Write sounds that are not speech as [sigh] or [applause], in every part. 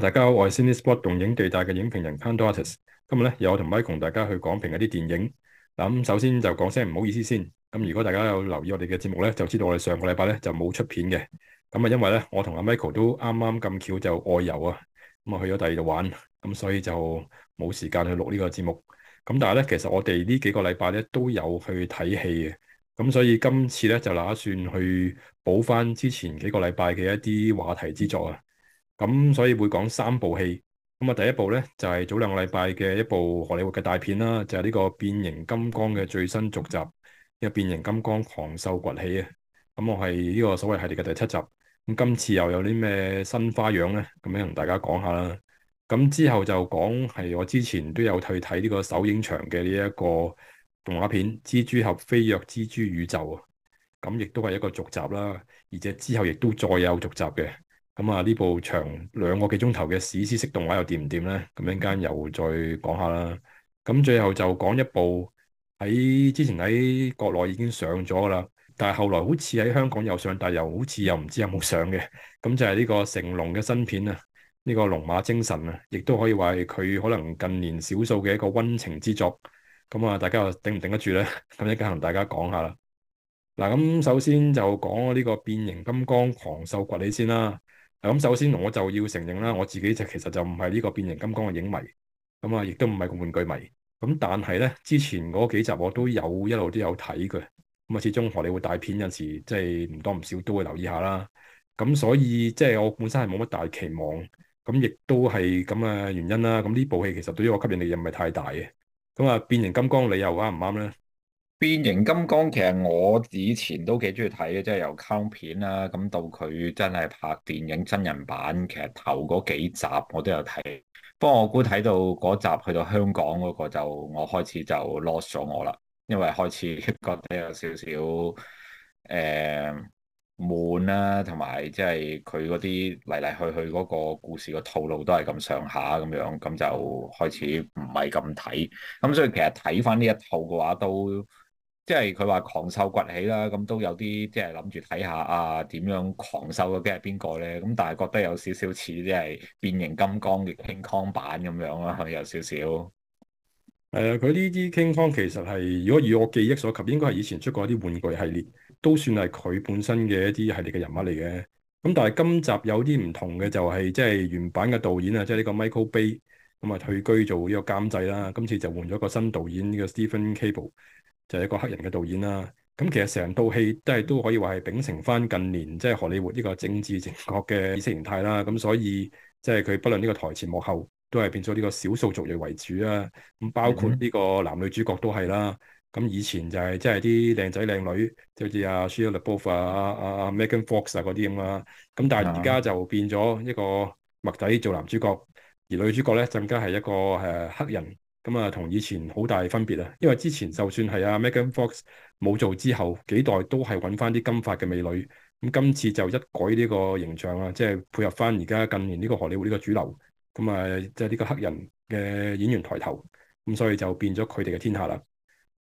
大家好，我係 Cinespot 動影地帶嘅影評人 Kantorates。今日咧有我同 Michael 同大家去講評一啲電影。嗱咁首先就講聲唔好意思先。咁如果大家有留意我哋嘅節目咧，就知道我哋上個禮拜咧就冇出片嘅。咁啊因為咧我同阿 Michael 都啱啱咁巧就外遊啊，咁、嗯、啊去咗第二度玩，咁所以就冇時間去錄呢個節目。咁但係咧其實我哋呢幾個禮拜咧都有去睇戲嘅，咁所以今次咧就打算去補翻之前幾個禮拜嘅一啲話題之作啊。咁所以會講三部戲，咁啊第一部咧就係早兩個禮拜嘅一部荷里活嘅大片啦，就係呢個變形金剛嘅最新續集，又變形金剛狂獸崛起啊！咁我係呢個所謂系列嘅第七集，咁今次又有啲咩新花樣咧？咁樣同大家講下啦。咁之後就講係我之前都有去睇呢個首映場嘅呢一個動畫片《蜘蛛俠飛躍蜘蛛宇宙》啊，咁亦都係一個續集啦，而且之後亦都再有續集嘅。咁啊！呢部長兩個幾鐘頭嘅史詩式動畫又掂唔掂咧？咁陣間又再講下啦。咁最後就講一部喺之前喺國內已經上咗噶啦，但係後來好似喺香港有上，但又好似又唔知有冇上嘅。咁就係呢個成龍嘅新片啊，呢個《龍馬精神》啊，亦都可以話係佢可能近年少數嘅一個溫情之作。咁啊，大家又頂唔頂得住咧？咁一間同大家講下啦。嗱，咁首先就講《呢個變形金剛狂獸崛起》先啦。咁首先我就要承認啦，我自己就其實就唔係呢個變形金剛嘅影迷，咁啊亦都唔係個玩具迷。咁但係咧，之前嗰幾集我都有一路都有睇嘅。咁啊始終荷里活大片有陣時，即係唔多唔少都會留意下啦。咁所以即係、就是、我本身係冇乜大期望，咁亦都係咁嘅原因啦。咁呢部戲其實對於我吸引力又唔係太大嘅。咁啊，變形金剛你又啱唔啱咧？變形金剛其實我以前都幾中意睇嘅，即係由卡通片啦，咁到佢真係拍電影真人版，其實頭嗰幾集我都有睇，不過我估睇到嗰集去到香港嗰個就我開始就 lost 咗我啦，因為開始覺得有少少誒悶啦，同埋即係佢嗰啲嚟嚟去去嗰個故事個套路都係咁上下咁樣，咁就開始唔係咁睇，咁所以其實睇翻呢一套嘅話都。即係佢話狂獸崛起啦，咁都有啲即係諗住睇下啊點樣狂獸嘅係邊個咧？咁但係覺得有少少似啲係變形金剛嘅 King Kong 版咁樣啦，係咪有少少？誒、呃，佢呢啲 King Kong 其實係如果以我記憶所及，應該係以前出過一啲玩具系列，都算係佢本身嘅一啲系列嘅人物嚟嘅。咁、嗯、但係今集有啲唔同嘅就係、是、即係原版嘅導演啊，即係呢個 Michael Bay 咁啊退居做呢個監製啦，今次就換咗個新導演呢、呢個 Stephen Cable。就係一個黑人嘅導演啦，咁其實成套戲都係都可以話係秉承翻近年即係荷里活呢個政治正確嘅意識形態啦，咁所以即係佢不論呢個台前幕後都係變咗呢個少數族裔為主啦。咁包括呢個男女主角都係啦，咁以前就係即係啲靚仔靚女，就好似阿 Shia LaBeouf 啊、阿 Meghan Fox 啊嗰啲咁啦，咁但係而家就變咗一個墨底做男主角，而女主角咧更加係一個誒、啊、黑人。咁啊，同以前好大分別啊！因為之前就算係啊 Megan Fox 冇做之後，幾代都係揾翻啲金髮嘅美女。咁今次就一改呢個形象啦，即係配合翻而家近年呢個荷里活呢個主流。咁啊，即係呢個黑人嘅演員抬頭。咁所以就變咗佢哋嘅天下啦。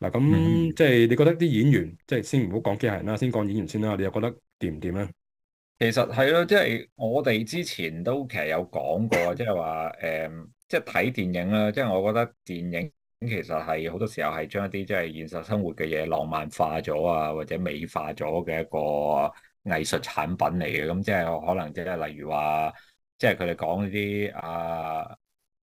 嗱，咁、嗯、即係你覺得啲演員，即係先唔好講機械人啦，先講演員先啦。你又覺得掂唔掂啊？其實係咯，即係我哋之前都其實有講過，即係話誒。嗯即係睇電影啦，即係我覺得電影其實係好多時候係將一啲即係現實生活嘅嘢浪漫化咗啊，或者美化咗嘅一個藝術產品嚟嘅。咁即係可能即係例如話，即係佢哋講啲啊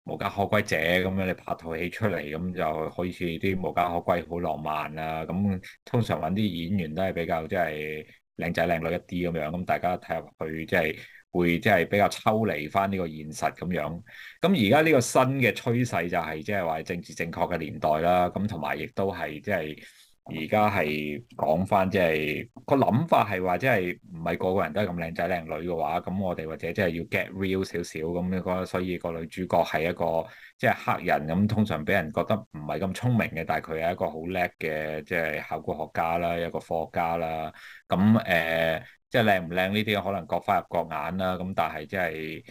無家可歸者咁樣，你拍套戲出嚟，咁就好似啲無家可歸好浪漫啊。咁通常揾啲演員都係比較即係靚仔靚女一啲咁樣，咁大家睇入去即係。就是會即係比較抽離翻呢個現實咁樣，咁而家呢個新嘅趨勢就係即係話政治正確嘅年代啦，咁同埋亦都係即係而家係講翻即係個諗法係話即係唔係個個人都係咁靚仔靚女嘅話，咁我哋或者即係要 get real 少少咁，你覺得？所以個女主角係一個即係黑人咁，通常俾人覺得唔係咁聰明嘅，但係佢係一個好叻嘅即係考古學家啦，一個科學家啦，咁誒。呃即係靚唔靚呢啲可能各花入各眼啦、啊，咁但係即係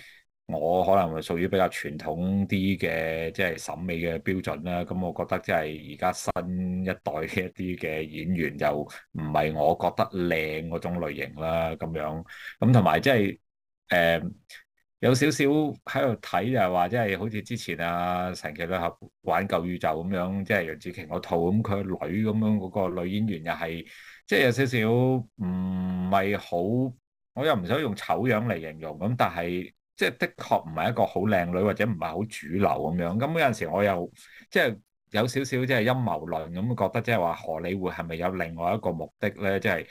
我可能係屬於比較傳統啲嘅，即係審美嘅標準啦、啊。咁、嗯、我覺得即係而家新一代嘅一啲嘅演員就唔係我覺得靚嗰種類型啦、啊，咁樣咁同埋即係誒有少少喺度睇就係、是、話，即、呃、係、就是、好似之前啊神奇女俠玩舊宇宙咁樣，即係楊紫瓊嗰套咁佢女咁樣嗰個女演員又係即係有少少唔。嗯係好，我又唔想用醜樣嚟形容咁，但係即係的確唔係一個好靚女，或者唔係好主流咁樣。咁有陣時我又即係有少少即係陰謀論咁，覺得即係話荷里活係咪有另外一個目的咧？即係。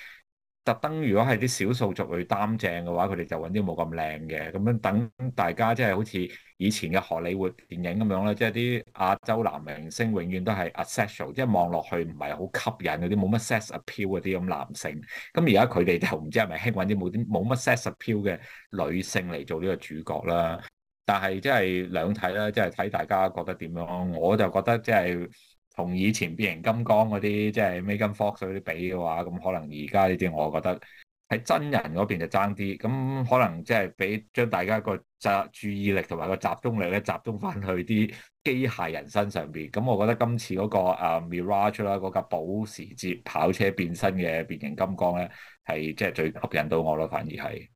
特登如果係啲少數族去擔正嘅話，佢哋就揾啲冇咁靚嘅，咁樣等大家即係、就是、好似以前嘅荷里活電影咁樣啦，即係啲亞洲男明星永遠都係 asexual，即係望落去唔係好吸引嗰啲，冇乜 sex appeal 嗰啲咁男性。咁而家佢哋就唔知係咪興揾啲冇啲冇乜 sex appeal 嘅女性嚟做呢個主角啦。但係即係兩睇啦，即係睇大家覺得點樣。我就覺得即係。同以前變形金剛嗰啲即係 Megan Fox 嗰啲比嘅話，咁可能而家呢啲我覺得喺真人嗰邊就爭啲，咁可能即係俾將大家個集注意力同埋個集中力咧集中翻去啲機械人身上面，咁我覺得今次嗰個 Mirage 啦，嗰架保時捷跑車變身嘅變形金剛咧係即係最吸引到我咯，反而係。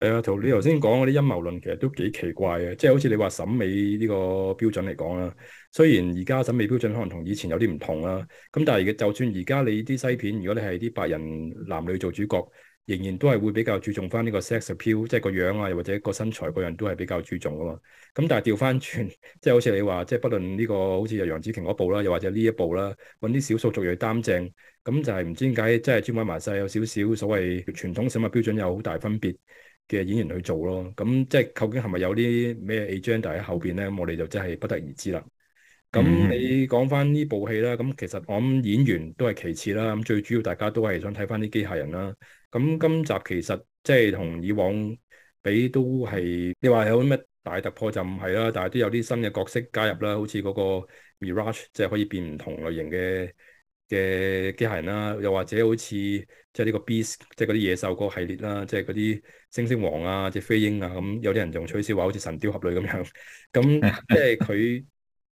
誒、頭、哎、你頭先講嗰啲陰謀論其實都幾奇怪嘅，即係好似你話審美呢個標準嚟講啦，雖然而家審美標準可能同以前有啲唔同啦，咁但係嘅就算而家你啲西片，如果你係啲白人男女做主角，仍然都係會比較注重翻呢個 sex appeal，即係個樣啊，又或者個身材個樣都係比較注重啊嘛。咁但係調翻轉，即係好似你話，即係不論呢、這個，好似又楊紫瓊嗰部啦，又或者呢一部啦，揾啲少數族裔擔正，咁就係唔知點解，即係專位埋晒，有少少所謂傳統審美標準有好大分別。嘅演員去做咯，咁、嗯、即係究竟係咪有啲咩 agenda 喺後邊咧？咁、嗯、我哋就真係不得而知啦。咁、嗯嗯、你講翻呢部戲啦，咁其實我諗演員都係其次啦。咁最主要大家都係想睇翻啲機械人啦。咁、嗯、今集其實即係同以往比都係你話有啲咩大突破就唔係啦，但係都有啲新嘅角色加入啦，好似嗰個 Mirage 即係可以變唔同類型嘅。嘅機械人啦，又或者好似即係呢個 Beast 即係嗰啲野獸嗰個系列啦，即係嗰啲星星王啊，隻飛鷹啊，咁有啲人仲取笑話，好似神雕俠侶咁樣，咁即係佢。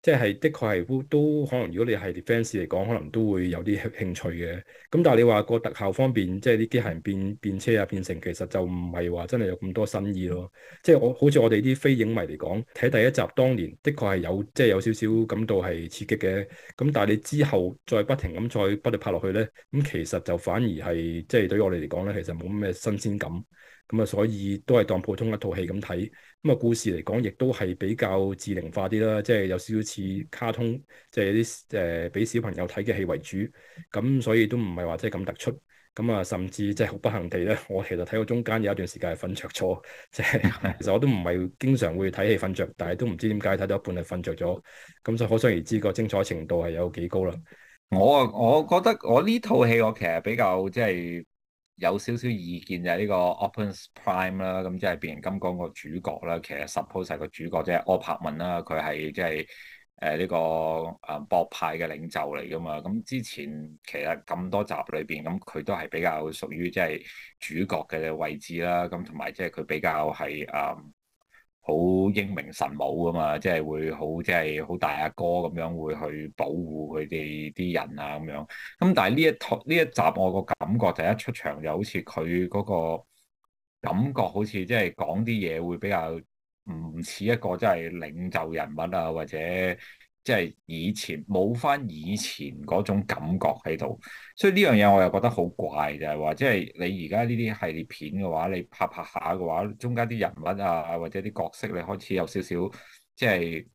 即係的確係都可能，如果你係 fans 嚟講，可能都會有啲興趣嘅。咁但係你話個特效方面，即係啲機械人變變車啊變成，其實就唔係話真係有咁多新意咯。即係我好似我哋啲非影迷嚟講，睇第一集當年的確係有即係有少少感到係刺激嘅。咁但係你之後再不停咁再不斷拍落去咧，咁其實就反而係即係對於我哋嚟講咧，其實冇咩新鮮感。咁啊，所以都係當普通一套戲咁睇。咁啊，故事嚟講，亦都係比較稚齡化啲啦，即係有少少似卡通，即係啲誒俾小朋友睇嘅戲為主。咁所以都唔係話真係咁突出。咁啊，甚至即係好不幸地咧，我其實睇到中間有一段時間係瞓着咗，即係其實我都唔係經常會睇戲瞓着，但係都唔知點解睇到一半係瞓着咗。咁所以可想而知個精彩程度係有幾高啦。我啊，我覺得我呢套戲我其實比較即係。就是有少少意見就係呢個 Optimus Prime 啦，咁即係變形金剛主個主角啦。其實 Suppose 係個主角啫柯柏文啦，佢係即係誒呢個誒博派嘅領袖嚟噶嘛。咁之前其實咁多集裏邊，咁佢都係比較屬於即係主角嘅位置啦。咁同埋即係佢比較係誒。呃好英明神武㗎嘛，即係會好即係好大阿哥咁樣會去保護佢哋啲人啊，咁樣。咁但係呢一套呢一集我個感覺就一出場就好似佢嗰個感覺好似即係講啲嘢會比較唔似一個即係領袖人物啊，或者。即係以前冇翻以前嗰種感覺喺度，所以呢樣嘢我又覺得好怪，就係、係、話即係你而家呢啲系列片嘅話，你拍拍下嘅話，中間啲人物啊或者啲角色，你開始有少少即係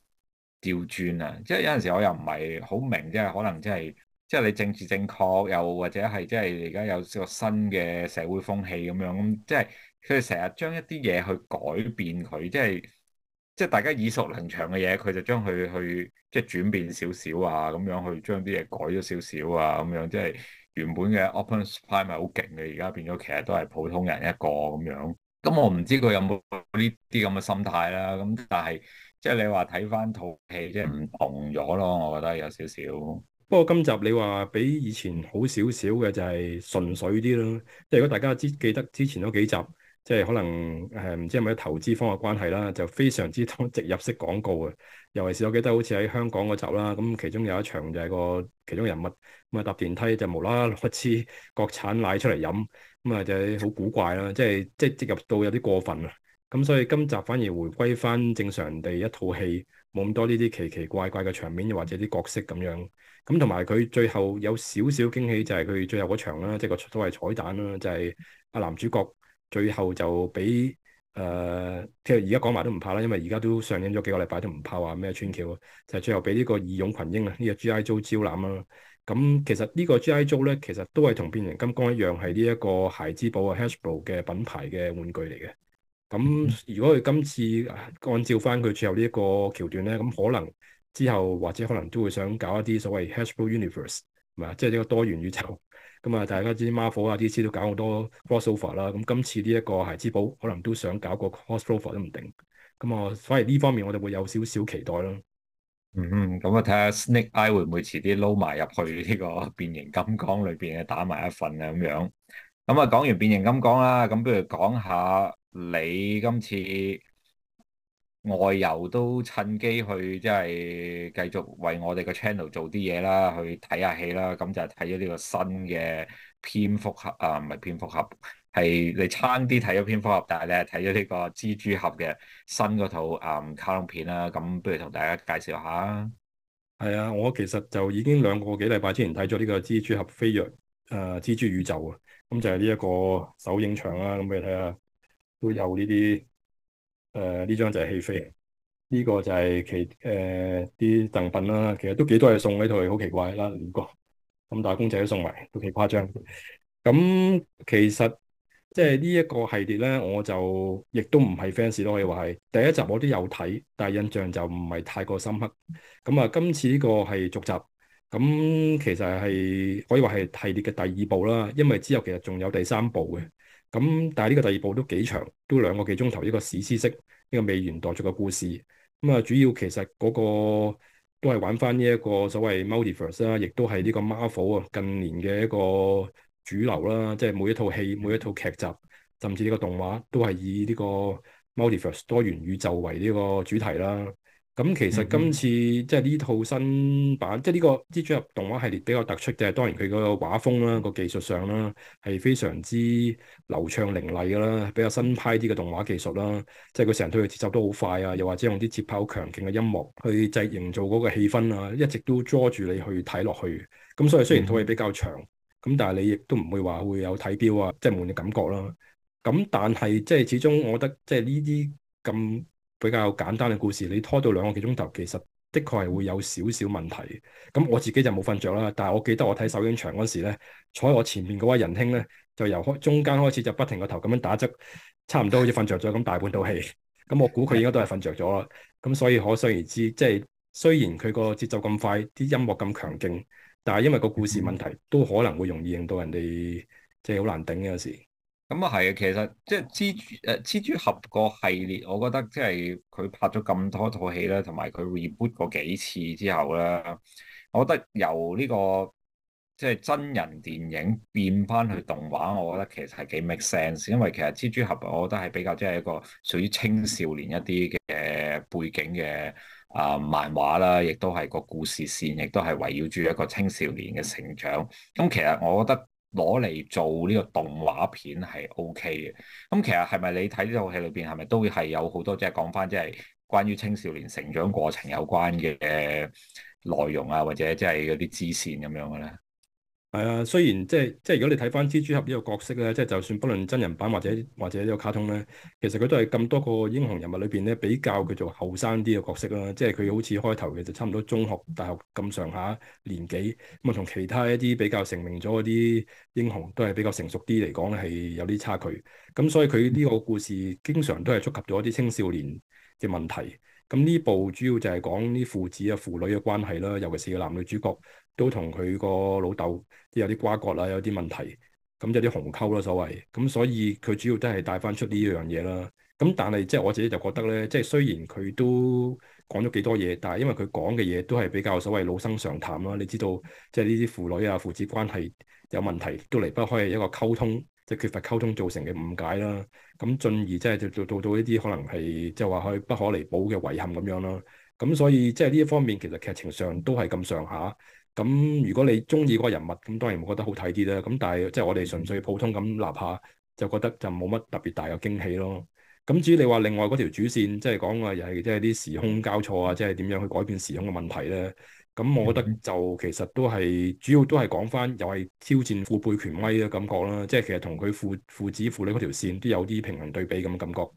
調轉啊！即係有陣時我又唔係好明，即係可能、就係、即係即係你政治正確又，又或者係即係而家有少個新嘅社會風氣咁樣，即係佢哋成日將一啲嘢去改變佢，即係。即係大家耳熟能詳嘅嘢，佢就將佢去即係轉變少少啊，咁樣去將啲嘢改咗少少啊，咁樣即係原本嘅 Optimus Prime 咪好勁嘅，而家變咗其實都係普通人一個咁樣。咁、嗯、我唔知佢有冇呢啲咁嘅心態啦。咁但係即係你話睇翻套戲，即係唔同咗咯。我覺得有少少。不過今集你話比以前好少少嘅，就係純粹啲咯。即係如果大家知記得之前嗰幾集。即係可能誒唔知係咪投資方嘅關係啦，就非常之通植入式廣告啊！尤其是我記得好似喺香港嗰集啦，咁其中有一場就係個其中人物咁啊，搭電梯就無啦啦攞一支國產奶出嚟飲，咁啊就係好古怪啦！即係即係植入到有啲過分啊！咁所以今集反而回歸返正常嘅一套戲，冇咁多呢啲奇奇怪怪嘅場面，又或者啲角色咁樣。咁同埋佢最後有少少驚喜，就係、是、佢最後嗰場啦，即係個所謂彩蛋啦，就係、是、阿男主角。最後就俾誒，即係而家講埋都唔怕啦，因為而家都上映咗幾個禮拜都唔怕話咩穿橋，就係最後俾呢個義勇群英啊，呢個 G.I. Joe 招攬啦。咁其實呢個 G.I. Joe 咧，其實都係同變形金剛一樣係呢一個孩之寶啊，Hasbro 嘅品牌嘅玩具嚟嘅。咁如果佢今次按照返佢最後呢一個橋段咧，咁可能之後或者可能都會想搞一啲所謂 Hasbro Universe，係嘛，即係呢個多元宇宙。咁啊，大家知 Marvel 啊啲 DC 都搞好多 crossover 啦，咁今次呢一個孩之寶可能都想搞個 crossover 都唔定，咁啊，反而呢方面我哋會有少少期待咯、嗯。嗯，咁、嗯、啊睇下 Snake Eyes 會唔會遲啲撈埋入去呢個變形金剛裏邊嘅打埋一份啊咁樣。咁、嗯、啊、嗯嗯嗯、講完變形金剛啦，咁不如講下你今次。外遊都趁機去，即、就、係、是、繼續為我哋個 channel 做啲嘢啦，去睇下戲啦。咁就睇咗呢個新嘅蝙蝠俠啊，唔係蝙蝠俠，係你差啲睇咗蝙蝠俠，但係咧睇咗呢個蜘蛛俠嘅新嗰套啊、嗯、卡通片啦。咁不如同大家介紹下啊。係啊，我其實就已經兩個幾禮拜之前睇咗呢個蜘蛛俠飛躍，誒、呃、蜘蛛宇宙啊。咁就係呢一個首映場啦、啊。咁畀你睇下都有呢啲。誒，呢、呃、張就係戲飛，呢、這個就係其誒啲贈品啦，其實都幾多嘢送呢套，好奇怪啦，五個咁大公仔都送埋，都幾誇張。咁、嗯、其實即係呢一個系列咧，我就亦都唔係 fans 都可以話係第一集我都有睇，但係印象就唔係太過深刻。咁、嗯、啊、嗯，今次呢個係續集，咁、嗯、其實係可以話係系列嘅第二部啦，因為之後其實仲有第三部嘅。咁但係呢個第二部都幾長，都兩個幾鐘頭，呢個史詩式，呢個未完待續嘅故事。咁、嗯、啊，主要其實嗰個都係玩翻呢一個所謂 multiverse 啦，亦都係呢個 Marvel 啊近年嘅一個主流啦，即係每一套戲、每一套劇集，甚至呢個動畫都係以呢個 multiverse 多元宇宙為呢個主題啦。咁其實今次、嗯、即係呢套新版，即係呢、這個蜘蛛俠動畫系列比較突出嘅，當然佢個畫風啦、個技術上啦，係非常之流暢凌厲㗎啦，比較新派啲嘅動畫技術啦。即係佢成套嘅節奏都好快啊，又或者用啲節拍好強勁嘅音樂去製營造嗰個氣氛啊，一直都捉住你去睇落去。咁所以雖然套戲比較長，咁、嗯、但係你亦都唔會話會有睇標啊，即係悶嘅感覺啦。咁但係即係始終我覺得即係呢啲咁。比較簡單嘅故事，你拖到兩個幾鐘頭，其實的確係會有少少問題。咁我自己就冇瞓着啦，但係我記得我睇首映場嗰陣時咧，坐喺我前面嗰位仁兄咧，就由中間開始就不停個頭咁樣打側，差唔多好似瞓着咗咁大半套戲。咁我估佢應該都係瞓着咗啦。咁 [laughs] 所以可想而知，即係雖然佢個節奏咁快，啲音樂咁強勁，但係因為個故事問題，都可能會容易令到人哋即係好難頂嘅時。咁啊係啊，其實即係、就是、蜘蛛誒蜘蛛俠個系列，我覺得即係佢拍咗咁多套戲啦，同埋佢 reboot 過幾次之後咧，我覺得由呢、這個即係、就是、真人電影變翻去動畫，我覺得其實係幾 make sense，因為其實蜘蛛俠我覺得係比較即係一個屬於青少年一啲嘅背景嘅啊、呃、漫畫啦，亦都係個故事線，亦都係圍繞住一個青少年嘅成長，咁、嗯、其實我覺得。攞嚟做呢個動畫片係 O K 嘅，咁其實係咪你睇呢套戲裏邊係咪都會係有好多即係講翻即係關於青少年成長過程有關嘅內容啊，或者即係嗰啲支線咁樣嘅咧？係啊，雖然即係即係，如果你睇翻蜘蛛俠呢個角色咧，即係就算不論真人版或者或者呢個卡通咧，其實佢都係咁多個英雄人物裏邊咧，比較叫做後生啲嘅角色啦。即係佢好似開頭嘅就差唔多中學、大學咁上下年紀，咁啊同其他一啲比較成名咗嗰啲英雄都係比較成熟啲嚟講咧，係有啲差距。咁所以佢呢個故事經常都係觸及咗啲青少年嘅問題。咁呢部主要就係講啲父子啊、父女嘅關係啦，尤其是個男女主角都同佢個老豆有啲瓜葛啦，有啲問題，咁有啲鴻溝啦，所謂。咁所以佢主要都係帶翻出呢樣嘢啦。咁但係即係我自己就覺得咧，即係雖然佢都講咗幾多嘢，但係因為佢講嘅嘢都係比較所謂老生常談啦。你知道，即係呢啲父女啊、父子關係有問題，都離不開一個溝通。即係缺乏溝通造成嘅誤解啦，咁進而即係就做做到呢啲可能係即係話可以不可彌補嘅遺憾咁樣啦，咁所以即係呢一方面其實劇情上都係咁上下。咁如果你中意嗰個人物，咁當然覺得好睇啲啦。咁但係即係我哋純粹普通咁睇下，就覺得就冇乜特別大嘅驚喜咯。咁至於你話另外嗰條主線，即係講話又係即係啲時空交錯啊，即係點樣去改變時空嘅問題咧？咁我覺得就其實都係主要都係講翻又係挑戰父輩權威嘅感覺啦，即係其實同佢父父子父女嗰條線都有啲平衡對比咁嘅感覺。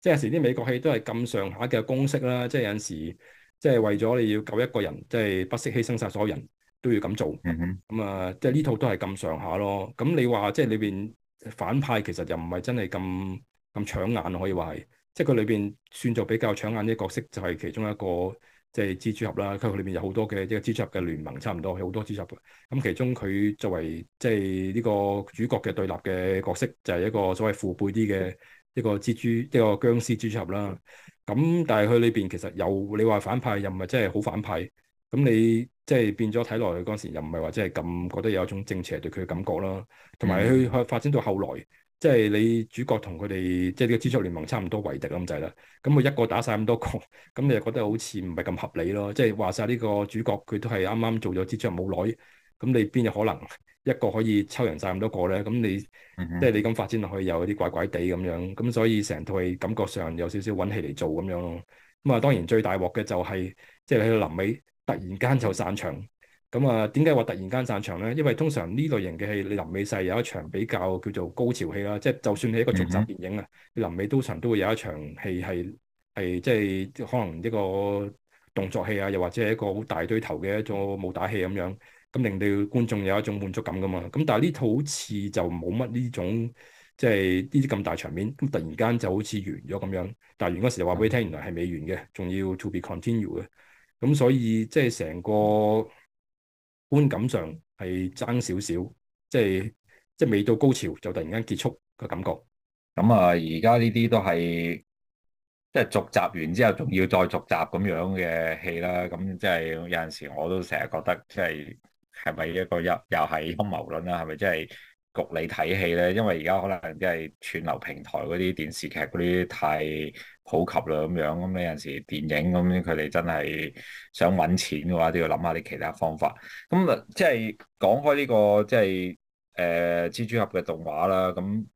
即係有時啲美國戲都係咁上下嘅公式啦，即係有陣時即係為咗你要救一個人，即係不惜犧牲晒所有人，都要咁做、嗯哼。咁啊，即係呢套都係咁上下咯。咁你話即係裏邊反派其實又唔係真係咁咁搶眼，可以話係。即係佢裏邊算做比較搶眼嘅角色就係其中一個。即係蜘蛛俠啦，佢裏邊有好多嘅一個蜘蛛俠嘅聯盟差，差唔多有好多蜘蛛俠。咁其中佢作為即係呢個主角嘅對立嘅角色，就係一個所謂父輩啲嘅一個蜘蛛，一個僵屍蜘蛛俠啦。咁但係佢裏邊其實有你話反派又唔係真係好反派。咁你即係變咗睇落去，嗰時又唔係話真係咁覺得有一種正邪對佢嘅感覺啦。同埋佢發展到後來。嗯即係你主角同佢哋，即係呢個蜘蛛聯盟差唔多為敵咁滯啦。咁佢、就是、一個打晒咁多個，咁你又覺得好似唔係咁合理咯？即係話晒呢個主角佢都係啱啱做咗蜘蛛冇耐，咁你邊有可能一個可以抽人晒咁多個咧？咁你、mm hmm. 即係你咁發展落去，又有啲怪怪地咁樣。咁所以成套戲感覺上有少少揾戲嚟做咁樣咯。咁啊，當然最大鑊嘅就係、是、即係你去到臨尾突然間就散場。咁啊，點解話突然間散場咧？因為通常呢類型嘅戲，你臨尾勢有一場比較叫做高潮戲啦。即係就算係一個續集電影啊，你、嗯、哼臨尾都常都會有一場戲係係即係可能一個動作戲啊，又或者係一個好大堆頭嘅一種武打戲咁樣，咁令到觀眾有一種滿足感噶嘛。咁但係呢套好似就冇乜呢種即係呢啲咁大場面，咁突然間就好似完咗咁樣。但係完嗰時就話俾你聽，原來係未完嘅，仲、嗯、要 to be continue 嘅。咁所以即係成個觀感上係爭少少，即係即係未到高潮就突然間結束嘅感覺。咁啊，而家呢啲都係即係續集完之後，仲要再續集咁樣嘅戲啦。咁即係有陣時，我都成日覺得，即係係咪一個又又係陰謀論啦？係咪即係？局你睇戲咧，因為而家可能即係串流平台嗰啲電視劇嗰啲太普及啦咁樣，咁你有陣時電影咁樣，佢哋真係想揾錢嘅話，都要諗下啲其他方法。咁啊，即係講開呢個即係誒蜘蛛俠嘅動畫啦，咁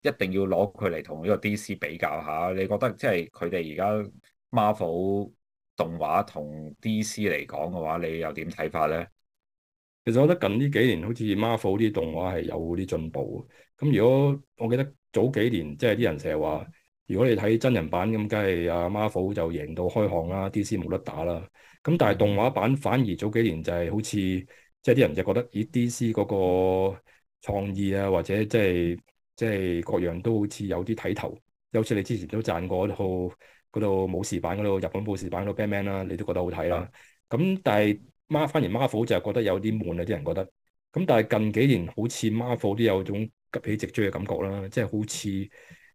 一定要攞佢嚟同呢個 DC 比較下。你覺得即係佢哋而家 Marvel 動畫同 DC 嚟講嘅話，你又點睇法咧？其實我覺得近呢幾年好似 Marvel 啲動畫係有啲進步嘅。咁如果我記得早幾年即係啲人成日話，如果你睇真人版咁，梗係阿 Marvel 就贏到開巷啦，DC 冇得打啦。咁但係動畫版反而早幾年就係好似即係啲人就覺得咦 DC 嗰個創意啊，或者即係即係各樣都好似有啲睇頭。好似你之前都讚過一套嗰套武士版嗰套日本武士版嗰個 Batman 啦，你都覺得好睇啦。咁但係。反而 Marvel 就係覺得有啲悶啊，啲人覺得。咁但係近幾年好似 Marvel 都有種急起直追嘅感覺啦，即係好似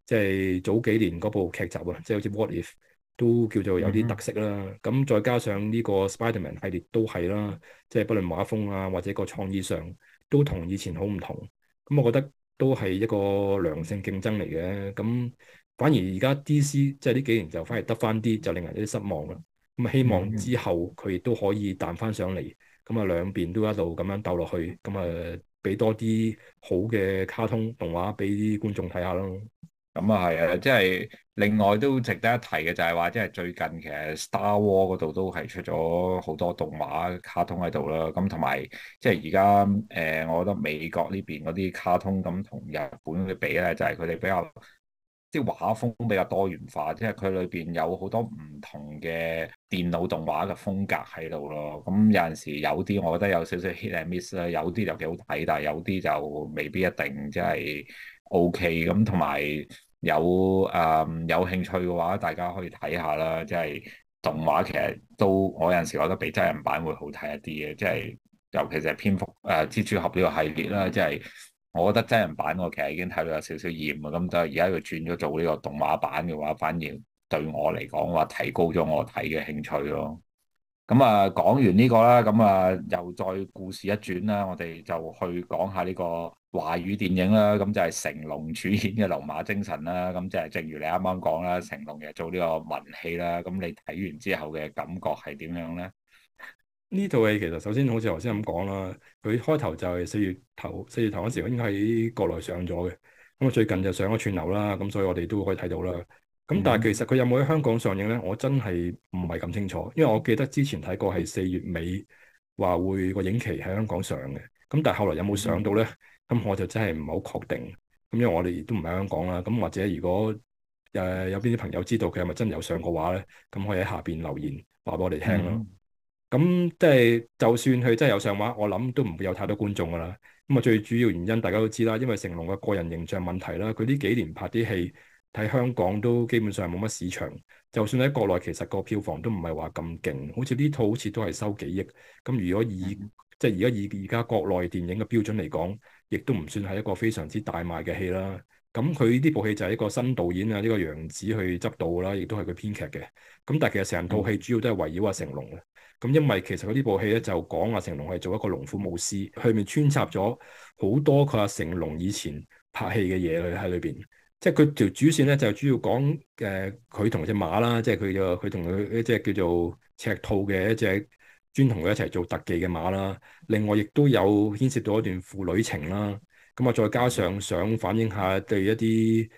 即係早幾年嗰部劇集啊，即係好似 What If 都叫做有啲特色啦。咁、嗯嗯、再加上呢個 Spider-Man 系列都係啦，即係不論畫風啊或者個創意上都同以前好唔同。咁我覺得都係一個良性競爭嚟嘅。咁反而而家 DC 即係呢幾年就反而得翻啲，就令人有啲失望啦。咁希望之後佢亦都可以彈翻上嚟，咁啊、嗯、兩邊都一路咁樣鬥落去，咁啊俾多啲好嘅卡通動畫俾啲觀眾睇下咯。咁啊係啊，即係另外都值得一提嘅就係話，即係最近其實 Star Wars 嗰度都係出咗好多動畫卡通喺度啦。咁同埋即係而家誒，我覺得美國呢邊嗰啲卡通咁同日本嘅比咧，就係佢哋比較。啲畫風比較多元化，即係佢裏邊有好多唔同嘅電腦動畫嘅風格喺度咯。咁有陣時有啲，我覺得有少少 hit and miss 啦；有啲就幾好睇，但係有啲就未必一定即係 OK。咁同埋有誒有興趣嘅話，大家可以睇下啦。即係動畫其實都我有陣時覺得比真人版會好睇一啲嘅，即係尤其是係蝙蝠誒蜘蛛俠呢個系列啦，即係。我覺得真人版我其實已經睇到有少少厭啊，咁就而家佢轉咗做呢個動畫版嘅話，反而對我嚟講話提高咗我睇嘅興趣咯。咁啊，講完呢個啦，咁啊又再故事一轉啦，我哋就去講下呢個華語電影啦。咁就係成龍主演嘅《龍馬精神》啦。咁即係正如你啱啱講啦，成龍嘅做呢個文戲啦。咁你睇完之後嘅感覺係點樣咧？呢套戲其實首先好似頭先咁講啦，佢開頭就係四月頭，四月頭嗰時候應該喺國內上咗嘅，咁啊最近就上咗串流啦，咁所以我哋都可以睇到啦。咁但係其實佢有冇喺香港上映咧？我真係唔係咁清楚，因為我記得之前睇過係四月尾話會個影期喺香港上嘅，咁但係後來有冇上到咧？咁、嗯、我就真係唔係好確定。咁因為我哋都唔喺香港啦，咁或者如果誒有邊啲朋友知道佢係咪真有上嘅話咧，咁可以喺下邊留言話俾我哋聽咯。嗯咁即係，就算佢真係有上畫，我諗都唔會有太多觀眾噶啦。咁啊，最主要原因大家都知啦，因為成龍嘅個人形象問題啦，佢呢幾年拍啲戲喺香港都基本上冇乜市場。就算喺國內，其實個票房都唔係話咁勁，好似呢套好似都係收幾億。咁如果以、嗯、即係而家而而家國內電影嘅標準嚟講，亦都唔算係一個非常之大賣嘅戲啦。咁佢呢部戲就係一個新導演啊，呢個楊子去執導啦，亦都係佢編劇嘅。咁但係其實成套戲主要都係圍繞阿成龍嘅。咁因為其實佢呢部戲咧就講阿、啊、成龍係做一個龍虎武師，佢面穿插咗好多佢阿、啊、成龍以前拍戲嘅嘢喺裏邊。即係佢條主線咧就主要講誒佢同隻馬啦，即係佢個佢同佢即係叫做赤兔嘅一隻專同佢一齊做特技嘅馬啦。另外亦都有牽涉到一段父女情啦。咁啊，再加上想反映下對一啲誒、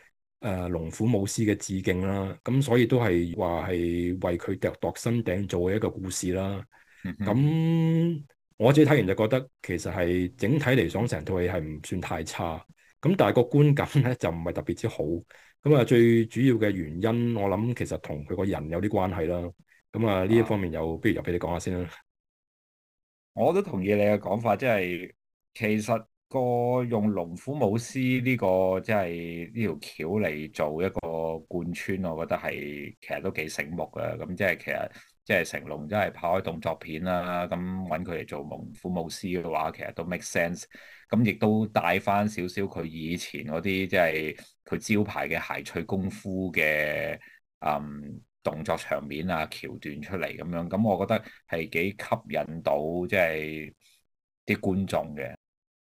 呃、龍虎武師嘅致敬啦，咁所以都係話係為佢度度身訂做嘅一個故事啦。咁我自己睇完就覺得，其實係整體嚟講，成套戲係唔算太差。咁但係個觀感咧就唔係特別之好。咁啊，最主要嘅原因，我諗其實同佢個人有啲關係啦。咁啊，呢一方面又不如，由俾你講下先啦。我都同意你嘅講法、就是，即係其實。個用龍虎武師呢、這個即係呢條橋嚟做一個貫穿，我覺得係其實都幾醒目嘅。咁即係其實即係、就是、成龍真係拍開動作片啦、啊，咁揾佢嚟做龍虎武師嘅話，其實都 make sense。咁亦都帶翻少少佢以前嗰啲即係佢招牌嘅諧趣功夫嘅嗯動作場面啊橋段出嚟咁樣，咁我覺得係幾吸引到即係啲觀眾嘅。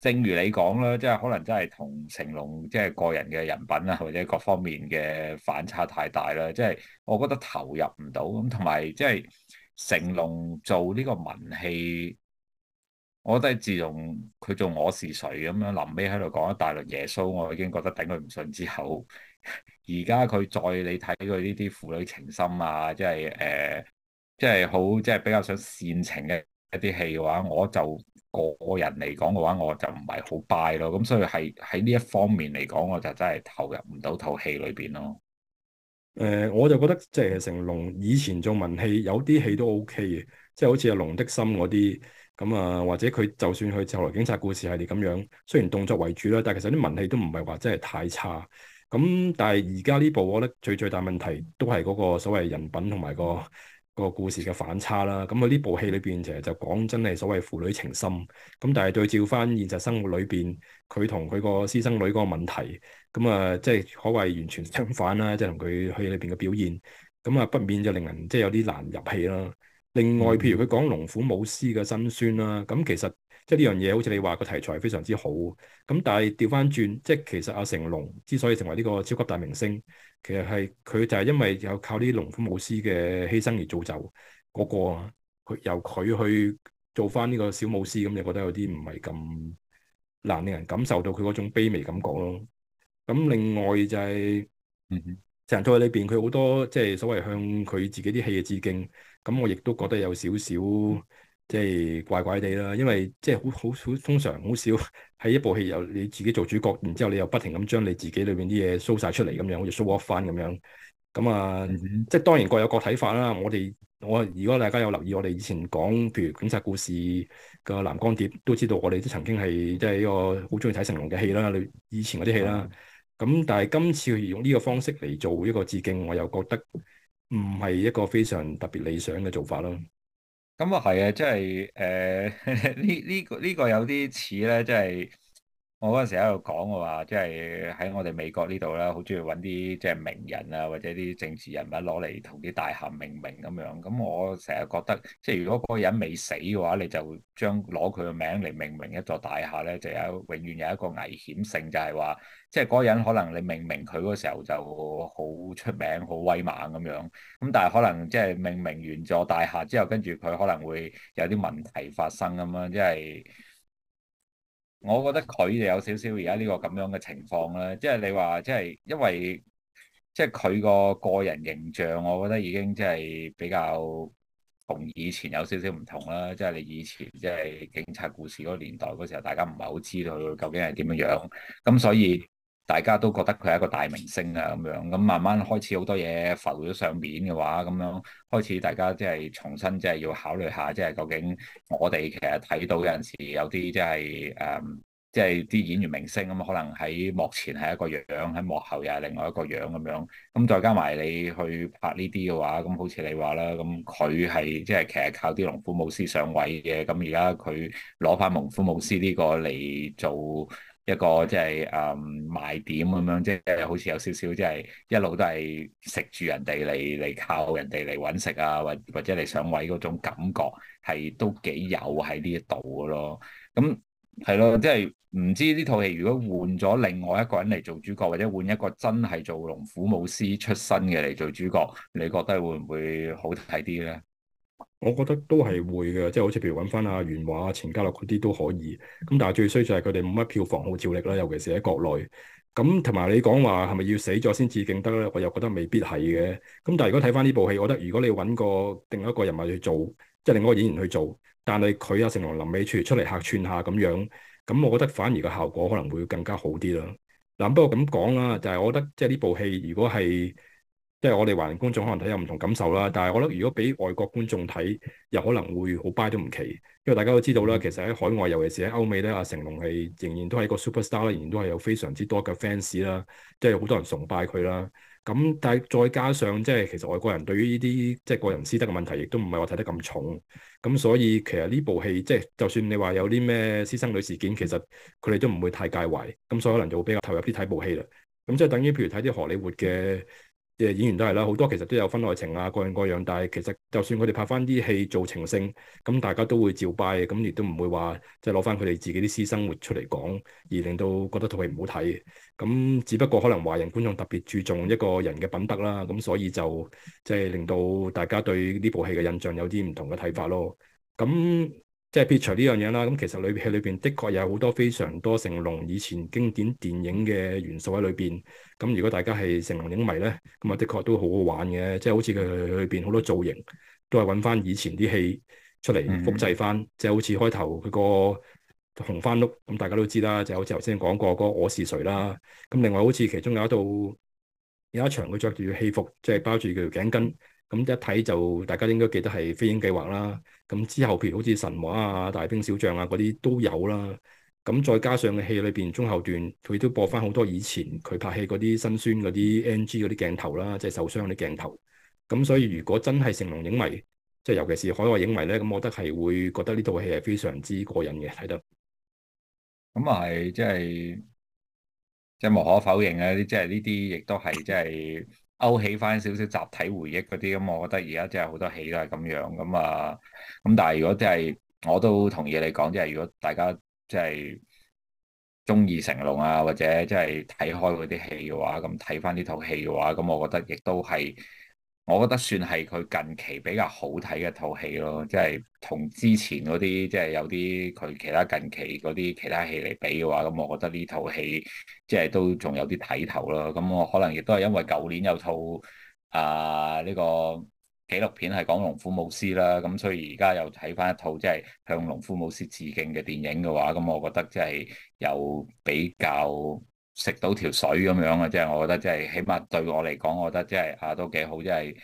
正如你講啦，即係可能真係同成龍即係個人嘅人品啊，或者各方面嘅反差太大啦，即係我覺得投入唔到咁，同埋即係成龍做呢個文戲，我覺得自從佢做我是誰咁樣臨尾喺度講咗大輪耶穌，我已經覺得頂佢唔順，之後，而家佢再你睇佢呢啲父女情深啊，即係誒、呃，即係好即係比較想煽情嘅一啲戲嘅話，我就。我個人嚟講嘅話，我就唔係好拜 u 咯，咁所以係喺呢一方面嚟講，我就真係投入唔到套戲裏邊咯。誒、呃，我就覺得即係成龍以前做文戲，有啲戲都 O K 嘅，即係好似《阿龍的心》嗰啲，咁啊，或者佢就算去後來警察故事系列咁樣，雖然動作為主啦，但係其實啲文戲都唔係話真係太差。咁但係而家呢部我覺得最最大問題都係嗰個所謂人品同埋、那個，個故事嘅反差啦，咁佢呢部戲裏邊其實就講真係所謂父女情深，咁但係對照翻現實生活裏邊，佢同佢個私生女嗰個問題，咁啊即係可謂完全相反啦，即係同佢戲裏邊嘅表現，咁啊不免就令人即係、就是、有啲難入戲啦。另外，嗯、譬如佢講龍虎武師嘅辛酸啦，咁其實。即係呢樣嘢，好似你話個題材非常之好，咁但係調翻轉，即係其實阿、啊、成龍之所以成為呢個超級大明星，其實係佢就係因為有靠呢啲龍虎武師嘅犧牲而造就嗰、那個，由佢去做翻呢個小武師，咁你覺得有啲唔係咁難令人感受到佢嗰種卑微感覺咯。咁另外就係成套戲裏邊佢好多即係所謂向佢自己啲戲嘅致敬，咁我亦都覺得有少少。即係怪怪地啦，因為即係好好好通常好少喺一部戲由你自己做主角，然之後你又不停咁將你自己裏面啲嘢 show 曬出嚟咁樣，好似 show off 翻咁樣。咁啊，即係當然各有各睇法啦。我哋我如果大家有留意我哋以前講譬如警察故事個藍光碟，都知道我哋都曾經係即係呢個好中意睇成龍嘅戲啦，以前嗰啲戲啦。咁的但係今次佢用呢個方式嚟做一個致敬，我又覺得唔係一個非常特別理想嘅做法咯。咁啊，係啊、嗯，即係誒呢呢個呢個有啲似咧，即係。我嗰陣時喺度講嘅話，即係喺我哋美國呢度咧，好中意揾啲即係名人啊，或者啲政治人物攞嚟同啲大廈命名咁樣。咁我成日覺得，即係如果嗰個人未死嘅話，你就將攞佢個名嚟命名一座大廈咧，就有永遠有一個危險性，就係話，即係嗰個人可能你命名佢嗰時候就好出名、好威猛咁樣。咁但係可能即係命名完座大廈之後，跟住佢可能會有啲問題發生咁樣，即係。我覺得佢就有少少而家呢個咁樣嘅情況啦。即係你話即係，因為即係佢個個人形象，我覺得已經即係比較同以前有少少唔同啦。即係你以前即係警察故事嗰個年代嗰時候，大家唔係好知道究竟係點樣樣，咁所以。大家都覺得佢係一個大明星啊，咁樣咁慢慢開始好多嘢浮咗上面嘅話，咁樣開始大家即係重新即係要考慮下，即係究竟我哋其實睇到有陣時有啲即係誒，即係啲演員明星咁可能喺幕前係一個樣，喺幕後又係另外一個樣咁樣。咁再加埋你去拍呢啲嘅話，咁好似你話啦，咁佢係即係其實靠啲龍虎武師上位嘅，咁而家佢攞翻龍虎武師呢個嚟做。一個即係誒賣點咁樣，即係好似有少少即係一路都係食住人哋嚟嚟靠人哋嚟揾食啊，或者或者嚟上位嗰種感覺係都幾有喺呢一度嘅咯。咁係咯，即係唔知呢套戲如果換咗另外一個人嚟做主角，或者換一個真係做龍虎武師出身嘅嚟做主角，你覺得會唔會好睇啲咧？我覺得都係會嘅，即係好似譬如搵翻阿元華啊、錢嘉樂嗰啲都可以。咁但係最衰就係佢哋冇乜票房號召力啦，尤其是喺國內。咁同埋你講話係咪要死咗先至勁得咧？我又覺得未必係嘅。咁但係如果睇翻呢部戲，我覺得如果你搵個另一個人物去做，即係另外一個演員去做，但係佢阿成龍臨尾處出嚟，客串下咁樣，咁我覺得反而個效果可能會更加好啲啦。嗱，不過咁講啦，就係我覺得即係呢部戲如果係。即係我哋華人觀眾可能睇有唔同感受啦，但係我諗如果俾外國觀眾睇，又可能會好 buy 都唔奇，因為大家都知道啦，其實喺海外，尤其是喺歐美咧，阿成龍係仍然都係一個 superstar 啦，仍然都係有非常之多嘅 fans 啦，即係好多人崇拜佢啦。咁但係再加上即係其實外國人對於呢啲即係個人私德嘅問題，亦都唔係話睇得咁重。咁所以其實呢部戲即係就算你話有啲咩私生女事件，其實佢哋都唔會太介懷。咁所以可能就會比較投入啲睇部戲啦。咁即係等於譬如睇啲荷里活嘅。嘅演員都係啦，好多其實都有婚外情啊，各樣各樣。但係其實就算佢哋拍翻啲戲做情聖，咁大家都會照拜，咁亦都唔會話即係攞翻佢哋自己啲私生活出嚟講，而令到覺得套戲唔好睇。咁只不過可能華人觀眾特別注重一個人嘅品德啦，咁所以就即係令到大家對呢部戲嘅印象有啲唔同嘅睇法咯。咁即係撇除呢樣嘢啦，咁其實裏戲裏邊的確有好多非常多成龍以前經典電影嘅元素喺裏邊。咁如果大家係成龍影迷咧，咁啊的確都好好玩嘅。即係好似佢裏邊好多造型，都係揾翻以前啲戲出嚟複製翻。Mm hmm. 即係好似開頭佢個紅番屋，咁大家都知啦。就好似頭先講過嗰個我是誰啦。咁另外好似其中有一套有一場佢着住啲戲服，即係包住佢條頸巾。咁一睇就大家應該記得係飛鷹計劃啦。咁之後譬如好似神話啊、大兵小將啊嗰啲都有啦。咁再加上個戲裏邊中後段，佢都播翻好多以前佢拍戲嗰啲辛酸嗰啲 NG 嗰啲鏡頭啦，即係受傷啲鏡頭。咁所以如果真係成龍影迷，即係尤其是海外影迷咧，咁我覺得係會覺得呢套戲係非常之過癮嘅睇得。咁啊，即係即係無可否認啊！即係呢啲亦都係即係。即係即係勾起翻少少集體回憶嗰啲，咁我覺得而家真係好多戲都係咁樣咁啊！咁但係如果即係我都同意你講，即係如果大家即係中意成龍啊，或者即係睇開嗰啲戲嘅話，咁睇翻呢套戲嘅話，咁我覺得亦都係。我覺得算係佢近期比較好睇嘅套戲咯，即係同之前嗰啲即係有啲佢其他近期嗰啲其他戲嚟比嘅話，咁我覺得呢套戲即係都仲有啲睇頭咯。咁我可能亦都係因為舊年有套啊呢個紀錄片係講龍虎武師啦，咁所以而家又睇返一套即係向龍虎武師致敬嘅電影嘅話，咁我覺得即係有比較。食到條水咁樣嘅啫，即係我覺得即係起碼對我嚟講，我覺得即係啊都幾好，即係，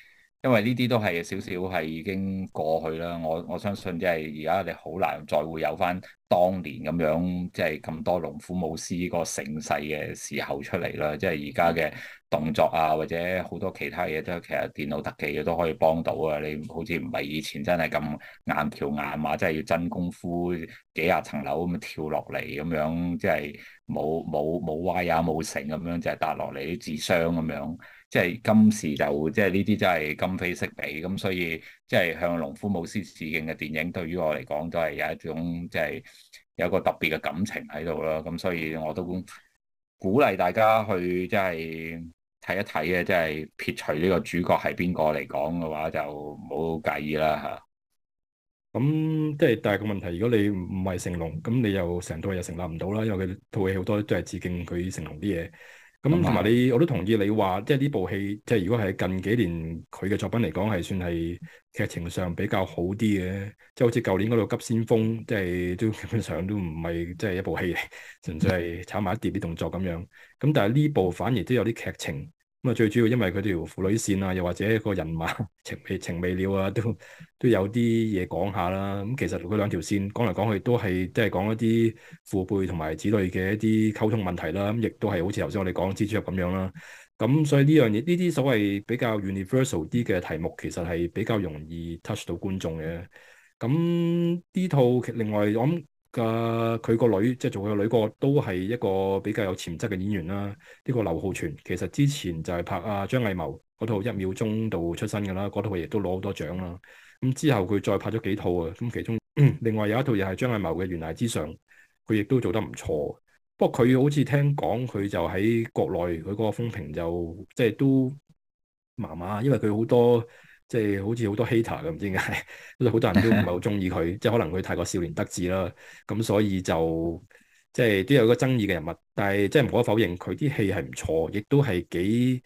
因為呢啲都係少少係已經過去啦。我我相信即係而家你好難再會有翻當年咁樣即係咁多龍虎武師個盛世嘅時候出嚟啦，即係而家嘅。動作啊，或者好多其他嘢都其實電腦特技嘅都可以幫到啊！你好似唔係以前真係咁硬橋硬馬，真係要真功夫幾廿層樓咁跳落嚟咁樣，即係冇冇冇歪啊冇成咁樣，就係搭落嚟啲智商咁樣。即係今時就即係呢啲真係今非昔比咁，所以即係向龍虎武師致敬嘅電影，對於我嚟講都係有一種即係有一個特別嘅感情喺度咯。咁所以我都鼓勵大家去即係。睇一睇嘅，即係撇除呢個主角係邊個嚟講嘅話，就冇介意啦嚇。咁即係但係個問題，如果你唔係成龍，咁你又成套戲又成立唔到啦，因為佢套戲好多都係致敬佢成龍啲嘢。咁同埋你，我都同意你話，即係呢部戲，即係如果係近幾年佢嘅作品嚟講，係算係劇情上比較好啲嘅。即係好似舊年嗰套《急先鋒》，即係都基本上都唔係即係一部戲嚟，純粹係炒埋一碟啲動作咁樣。咁但係呢部反而都有啲劇情。咁啊，最主要因為佢條父女線啊，又或者個人馬情未情未了啊，都都有啲嘢講下啦。咁其實佢兩條線講嚟講去都係即係講一啲父輩同埋子女嘅一啲溝通問題啦。咁亦都係好似頭先我哋講蜘蛛俠咁樣啦。咁所以呢樣嘢，呢啲所謂比較 universal 啲嘅題目，其實係比較容易 touch 到觀眾嘅。咁呢套另外我。嘅佢、啊、個女即係仲有女個都係一個比較有潛質嘅演員啦。呢、這個劉浩存其實之前就係拍阿張藝謀嗰套《一秒鐘》度出身嘅啦，嗰套亦都攞好多獎啦。咁之後佢再拍咗幾套啊。咁其中另外有一套又係張藝謀嘅《懸崖之上》，佢亦都做得唔錯。不過佢好似聽講佢就喺國內佢嗰個風評就即係都麻麻，因為佢好多。即係好似好多 hater 咁，唔知點解，好多人都唔係好中意佢。即係可能佢太過少年得志啦，咁所以就即係都有個爭議嘅人物。但係即係無可否認，佢啲戲係唔錯，亦都係幾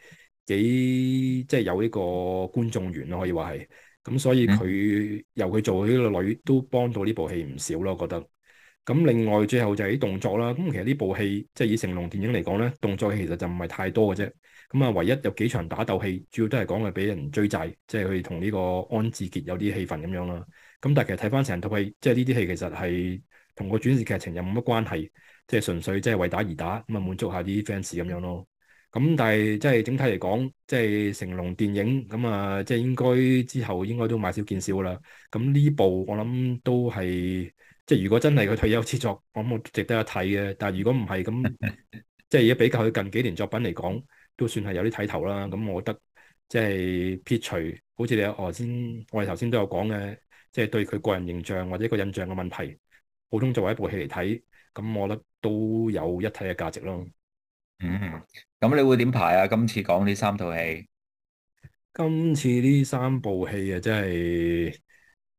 幾即係有呢個觀眾緣咯，可以話係。咁所以佢、嗯、由佢做呢個女都幫到呢部戲唔少咯，我覺得。咁另外最後就係啲動作啦。咁其實呢部戲即係以成龍電影嚟講咧，動作其實就唔係太多嘅啫。咁啊，唯一有幾場打鬥戲，主要都係講係俾人追債，即係佢同呢個安志傑有啲氣氛咁樣啦。咁但其實睇翻成套戲，即係呢啲戲其實係同個轉折劇情又冇乜關係，即係純粹即係為打而打，咁啊滿足下啲 fans 咁樣咯。咁但係即係整體嚟講，即係成龍電影咁啊，即係應該之後應該都買少見少啦。咁呢部我諗都係即係如果真係佢退休之作，咁我值得一睇嘅。但係如果唔係咁，即係而家比較佢近幾年作品嚟講，都算係有啲睇頭啦，咁我覺得即係、就是、撇除好似你頭先，我哋頭先都有講嘅，即、就、係、是、對佢個人形象或者個印象嘅問題。普通作為一部戲嚟睇，咁我覺得都有一睇嘅價值咯。嗯，咁你會點排啊？今次講呢三套戲，今次呢三部戲啊，即係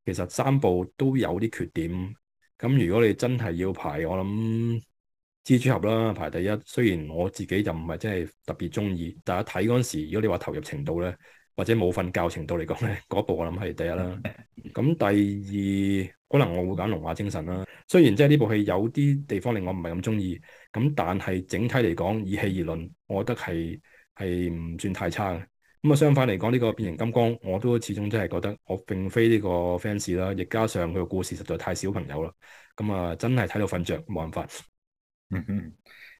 其實三部都有啲缺點。咁如果你真係要排，我諗。蜘蛛俠啦排第一，雖然我自己就唔係真係特別中意，但係睇嗰陣時，如果你話投入程度咧，或者冇瞓覺程度嚟講咧，嗰部我諗係第一啦。咁第二可能我會揀《龍馬精神》啦，雖然即係呢部戲有啲地方令我唔係咁中意，咁但係整體嚟講以戲而論，我覺得係係唔算太差嘅。咁啊相反嚟講呢個《變形金剛》，我都始終真係覺得我並非呢個 fans 啦，亦加上佢個故事實在太小朋友啦，咁啊真係睇到瞓着冇辦法。咁、mm hmm.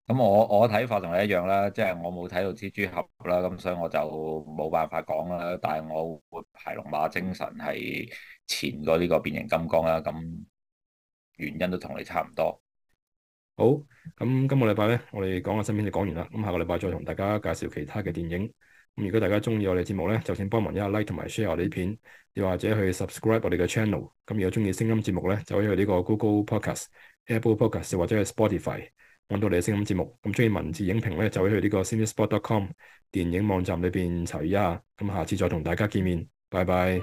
嗯、我我睇法同你一樣啦，即係我冇睇到蜘蛛俠啦，咁所以我就冇辦法講啦。但係我會排龍馬精神係前過呢個變形金剛啦，咁原因都同你差唔多。好，咁今個禮拜咧，我哋講下新片就講完啦。咁下個禮拜再同大家介紹其他嘅電影。咁如果大家中意我哋節目咧，就請幫忙一下 like 同埋 share 我哋啲片，又或者去 subscribe 我哋嘅 channel。咁如果中意聲音節目咧，就可以去呢個 Google Podcast。Apple Podcast 或者係 Spotify 揾到你嘅聲音節目，咁中意文字影評咧，就會去呢個 cinespot.com 電影網站裏邊查閱一下。咁下次再同大家見面，拜拜。